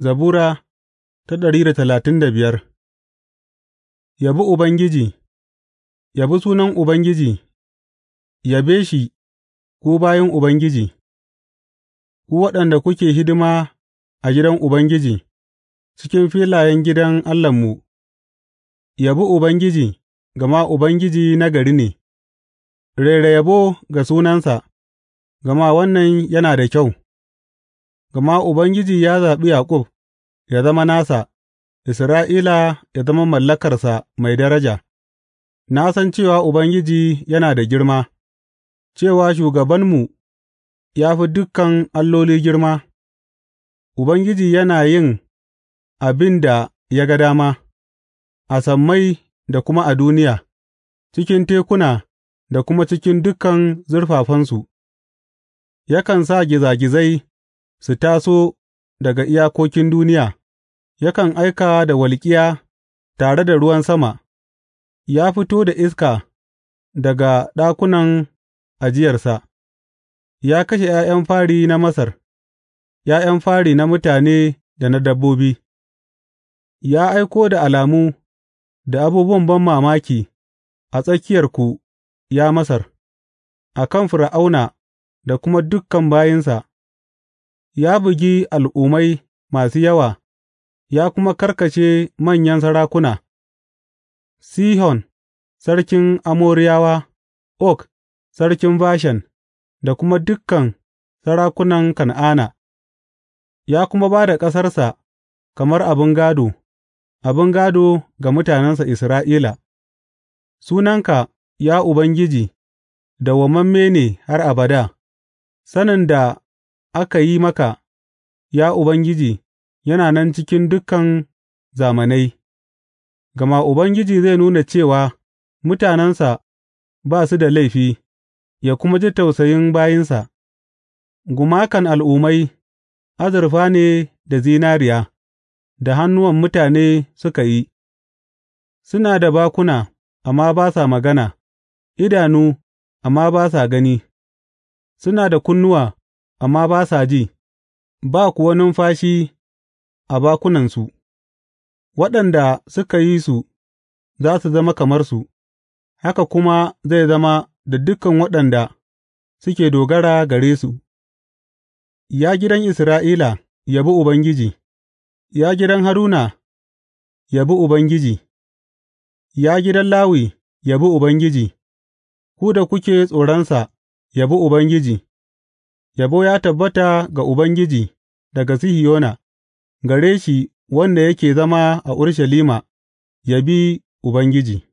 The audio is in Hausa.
Zabura ta ɗari da talatin da biyar Yabi Ubangiji Yabi sunan Ubangiji, yabe shi, ku bayan Ubangiji, ku waɗanda kuke hidima a gidan Ubangiji, cikin filayen gidan Allahnmu, yabi Ubangiji, gama Ubangiji nagari ne, rera yabo ga sunansa, gama wannan yana da kyau. Gama Ubangiji ya zaɓi Yaƙub ya zama nasa, Isra'ila ya zama mallakarsa mai daraja; na san cewa Ubangiji yana da girma, cewa shugabanmu ya fi dukan alloli girma; Ubangiji yana yin abin da ya ga dama, a sammai da kuma a duniya, cikin tekuna da kuma cikin dukan zurfafansu; yakan sa gizagizai. su taso daga iyakokin duniya; yakan aika da walƙiya tare da ruwan sama, ya fito da iska daga ɗakunan ajiyarsa, ya kashe ’ya'yan fari na Masar, ’ya'yan fari na mutane da na dabbobi, ya aiko da alamu da abubuwan ban mamaki a tsakiyarku, ya Masar, a kan Fir'auna da kuma dukan bayinsa. Ya bugi al'ummai masu yawa ya kuma karkashe manyan sarakuna, Sihon sarkin Amoriyawa, ok sarkin Bashan da kuma dukan sarakunan Kan'ana, ya kuma ba da ƙasarsa kamar abin gādo, abin gādo ga mutanensa Isra'ila, Sunanka, ya Ubangiji, dawwammame ne har abada, sanin da aka yi maka, ya Ubangiji, yana nan cikin dukan zamanai, gama Ubangiji zai nuna cewa mutanensa ba su da laifi, ya kuma ji tausayin bayinsa, gumakan al'ummai azurfa ne da zinariya, da hannuwan mutane suka yi, suna da bakuna, amma ba sa magana, idanu, amma ba sa gani, suna da kunnuwa. amma ba sa ji, ba kuwa numfashi a bakunansu, waɗanda suka yi su za su zama kamar su, haka kuma zai zama da dukan waɗanda suke dogara gare su. Ya gidan Isra'ila, yabi Ubangiji, ya gidan Haruna, yabi Ubangiji, ya gidan Lawi, yabi Ubangiji, ku da kuke tsoronsa, yabi Ubangiji. Yabo ya tabbata ga Ubangiji daga Sihiyona, gare shi wanda yake zama a Urushalima; yabi Ubangiji.